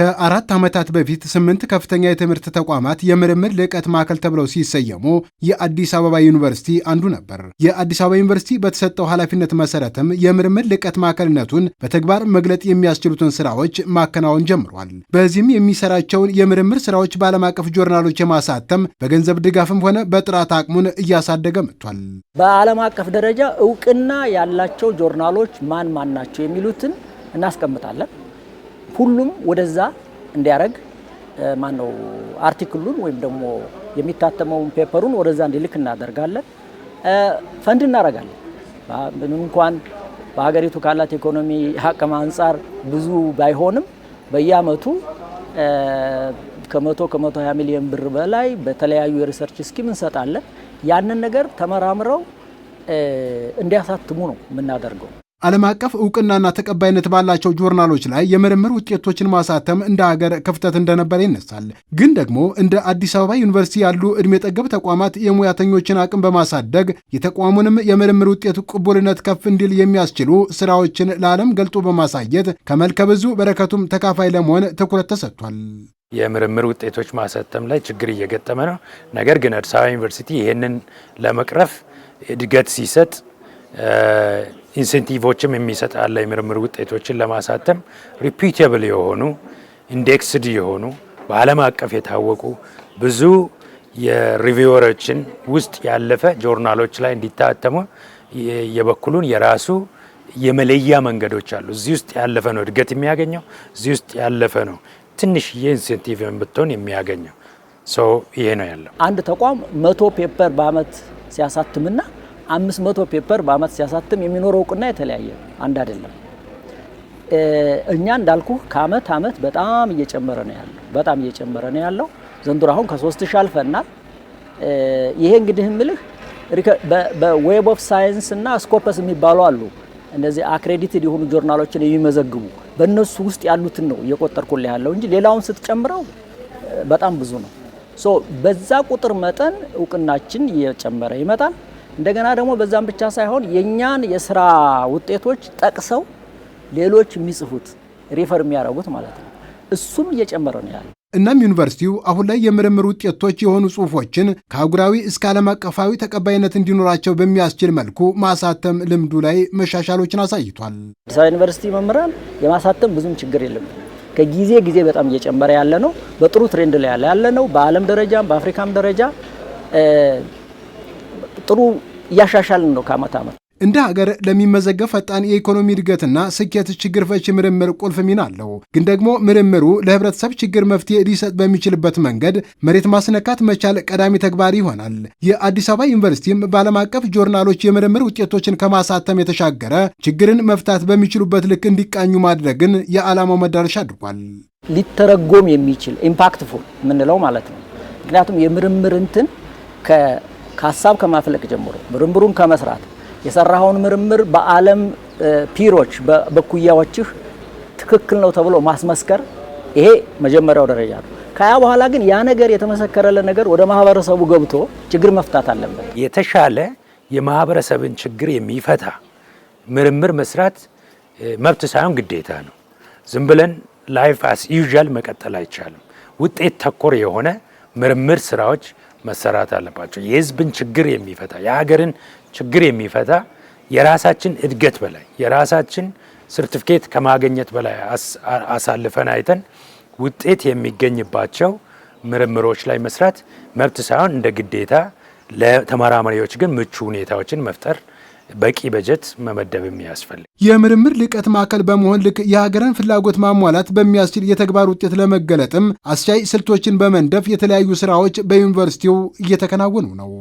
ከአራት ዓመታት በፊት ስምንት ከፍተኛ የትምህርት ተቋማት የምርምር ልዕቀት ማዕከል ተብለው ሲሰየሙ የአዲስ አበባ ዩኒቨርሲቲ አንዱ ነበር። የአዲስ አበባ ዩኒቨርሲቲ በተሰጠው ኃላፊነት መሰረትም የምርምር ልዕቀት ማዕከልነቱን በተግባር መግለጥ የሚያስችሉትን ስራዎች ማከናወን ጀምሯል። በዚህም የሚሰራቸውን የምርምር ስራዎች በዓለም አቀፍ ጆርናሎች የማሳተም በገንዘብ ድጋፍም ሆነ በጥራት አቅሙን እያሳደገ መጥቷል። በዓለም አቀፍ ደረጃ እውቅና ያላቸው ጆርናሎች ማን ማን ናቸው የሚሉትን እናስቀምጣለን። ሁሉም ወደዛ እንዲያደርግ ማን ነው አርቲክሉን ወይም ደግሞ የሚታተመውን ፔፐሩን ወደዛ እንዲልክ እናደርጋለን። ፈንድ እናደርጋለን። ምን እንኳን በሀገሪቱ ካላት ኢኮኖሚ አቅም አንጻር ብዙ ባይሆንም በየአመቱ ከመቶ ከመቶ 20 ሚሊዮን ብር በላይ በተለያዩ የሪሰርች ስኪም እንሰጣለን። ያንን ነገር ተመራምረው እንዲያሳትሙ ነው የምናደርገው። ዓለም አቀፍ እውቅናና ተቀባይነት ባላቸው ጆርናሎች ላይ የምርምር ውጤቶችን ማሳተም እንደ ሀገር ክፍተት እንደነበረ ይነሳል። ግን ደግሞ እንደ አዲስ አበባ ዩኒቨርሲቲ ያሉ ዕድሜ ጠገብ ተቋማት የሙያተኞችን አቅም በማሳደግ የተቋሙንም የምርምር ውጤት ቅቡልነት ከፍ እንዲል የሚያስችሉ ስራዎችን ለዓለም ገልጦ በማሳየት ከመልከ ብዙ በረከቱም ተካፋይ ለመሆን ትኩረት ተሰጥቷል። የምርምር ውጤቶች ማሳተም ላይ ችግር እየገጠመ ነው። ነገር ግን አዲስ አበባ ዩኒቨርሲቲ ይህንን ለመቅረፍ እድገት ሲሰጥ ኢንሴንቲቮችም የሚሰጣለ የምርምር ውጤቶችን ለማሳተም ሪፒቴብል የሆኑ ኢንዴክስድ የሆኑ በዓለም አቀፍ የታወቁ ብዙ የሪቪወሮችን ውስጥ ያለፈ ጆርናሎች ላይ እንዲታተሙ የበኩሉን የራሱ የመለያ መንገዶች አሉ። እዚህ ውስጥ ያለፈ ነው እድገት የሚያገኘው፣ እዚህ ውስጥ ያለፈ ነው ትንሽዬ ኢንሴንቲቭ ብትሆን የሚያገኘው። ሰው ይሄ ነው ያለው። አንድ ተቋም መቶ ፔፐር በአመት ሲያሳትምና አምስት መቶ ፔፐር በአመት ሲያሳትም የሚኖረው እውቅና የተለያየ አንድ አይደለም። እኛ እንዳልኩ ከአመት አመት በጣም እየጨመረ ነው ያለው በጣም እየጨመረ ነው ያለው። ዘንድሮ አሁን ከሶስት ሺ አልፈናል። ይሄ እንግዲህ ምልህ በዌብ ኦፍ ሳይንስ እና ስኮፐስ የሚባሉ አሉ እነዚህ አክሬዲትድ የሆኑ ጆርናሎችን የሚመዘግቡ በእነሱ ውስጥ ያሉትን ነው እየቆጠርኩላ ያለው እንጂ ሌላውን ስትጨምረው በጣም ብዙ ነው። ሶ በዛ ቁጥር መጠን እውቅናችን እየጨመረ ይመጣል። እንደገና ደግሞ በዛም ብቻ ሳይሆን የእኛን የስራ ውጤቶች ጠቅሰው ሌሎች የሚጽፉት ሪፈር የሚያደርጉት ማለት ነው። እሱም እየጨመረ ነው ያለ። እናም ዩኒቨርሲቲው አሁን ላይ የምርምር ውጤቶች የሆኑ ጽሁፎችን ከአህጉራዊ እስከ ዓለም አቀፋዊ ተቀባይነት እንዲኖራቸው በሚያስችል መልኩ ማሳተም ልምዱ ላይ መሻሻሎችን አሳይቷል። አዲስ አበባ ዩኒቨርሲቲ መምህራን የማሳተም ብዙም ችግር የለም። ከጊዜ ጊዜ በጣም እየጨመረ ያለ ነው። በጥሩ ትሬንድ ላይ ያለ ነው። በዓለም ደረጃም በአፍሪካም ደረጃ ጥሩ እያሻሻልን ነው ከአመት አመት። እንደ ሀገር ለሚመዘገብ ፈጣን የኢኮኖሚ እድገትና ስኬት ችግር ፈቺ ምርምር ቁልፍ ሚና አለው። ግን ደግሞ ምርምሩ ለህብረተሰብ ችግር መፍትሄ ሊሰጥ በሚችልበት መንገድ መሬት ማስነካት መቻል ቀዳሚ ተግባር ይሆናል። የአዲስ አበባ ዩኒቨርሲቲም በዓለም አቀፍ ጆርናሎች የምርምር ውጤቶችን ከማሳተም የተሻገረ ችግርን መፍታት በሚችሉበት ልክ እንዲቃኙ ማድረግን የዓላማው መዳረሻ አድርጓል። ሊተረጎም የሚችል ኢምፓክትፉል የምንለው ማለት ነው። ምክንያቱም የምርምር እንትን ከሀሳብ ከማፍለቅ ጀምሮ ምርምሩን ከመስራት የሰራኸውን ምርምር በዓለም ፒሮች በኩያዎችህ ትክክል ነው ተብሎ ማስመስከር ይሄ መጀመሪያው ደረጃ ነው። ከያ በኋላ ግን ያ ነገር የተመሰከረለ ነገር ወደ ማህበረሰቡ ገብቶ ችግር መፍታት አለበት። የተሻለ የማህበረሰብን ችግር የሚፈታ ምርምር መስራት መብት ሳይሆን ግዴታ ነው። ዝም ብለን ላይፍ አስ ዩዥዋል መቀጠል አይቻልም። ውጤት ተኮር የሆነ ምርምር ስራዎች መሰራት አለባቸው። የህዝብን ችግር የሚፈታ የሀገርን ችግር የሚፈታ የራሳችን እድገት በላይ የራሳችን ሰርቲፊኬት ከማገኘት በላይ አሳልፈን አይተን ውጤት የሚገኝባቸው ምርምሮች ላይ መስራት መብት ሳይሆን እንደ ግዴታ ለተመራማሪዎች ግን ምቹ ሁኔታዎችን መፍጠር በቂ በጀት መመደብ የሚያስፈልግ የምርምር ልቀት ማዕከል በመሆን ልክ የሀገርን ፍላጎት ማሟላት በሚያስችል የተግባር ውጤት ለመገለጥም አስቻይ ስልቶችን በመንደፍ የተለያዩ ስራዎች በዩኒቨርሲቲው እየተከናወኑ ነው።